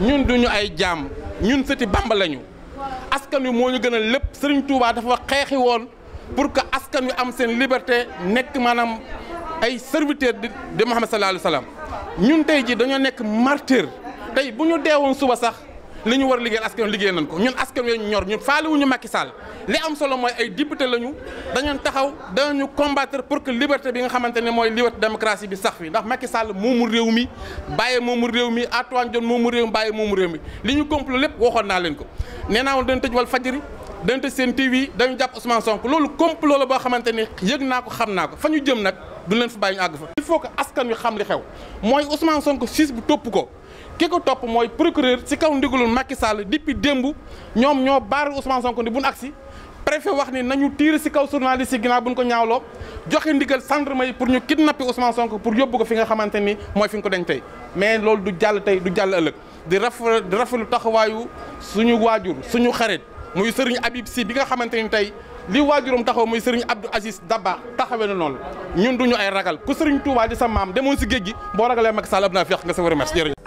ñun duñu ay jaam ñun sëti Bamba lañu askan wi moo ñu gën a lépp Serigne Touba dafa xeexi woon pour que askan wi am seen liberté nekk maanaam ay serviteur de Muhammad sallallahu alayhi ñun tey ji dañoo nekk martyr tey bu ñu deewoon suba sax li ñu war a liggéeyal askan liggéey nañ ko ñun askan wi ñor ñun faaliwuñu Macky Sall li am solo mooy ay député lañu dañu taxaw dañu combattre pour que liberté bi nga xamante ne mooy liberté démocratie bi sax fi ndax Macky Sall moomu réew mi bàyyee moomu réew mi Antoine Diome moomu réew mi bàyyee moomu réew mi li ñu complot lépp waxoon naa leen ko nee naa woon dañ tëj wal fajiri dañ tëj seen TV dañu jàpp Ousmane Sonko loolu complot la boo xamante ne yëg naa ko xam naa ko fa ñu jëm nag du leen fa bàyyi ñu àgg fa faut que askan wi xam li xew mooy Ousmane Sonko siis bu topp ko ki ko topp mooy procureur si kaw ndigalul Macky Sall depuis démb ñoom ñoo baar Ousmane Sonko ni buñ agsi préfet wax ni nañu tiir ci kaw journaliste yi ginnaaw buñ ko ñaawloo joxe ndigal gendarme yi pour ñu kidnapper Ousmane Sonko pour yóbbu ko fi nga xamante ni mooy fi nga ko denc tey mais loolu du jàll tey du jàll ëllëg di raf di rafetlu taxawaayu suñu waajur suñu xarit muy Serigne Habib Sy bi nga xamante ni tey li waajuram taxaw muy Serigne Abdou Aziz Dabba taxawee na noonu ñun duñu ay ragal ku Serigne Touba di sa a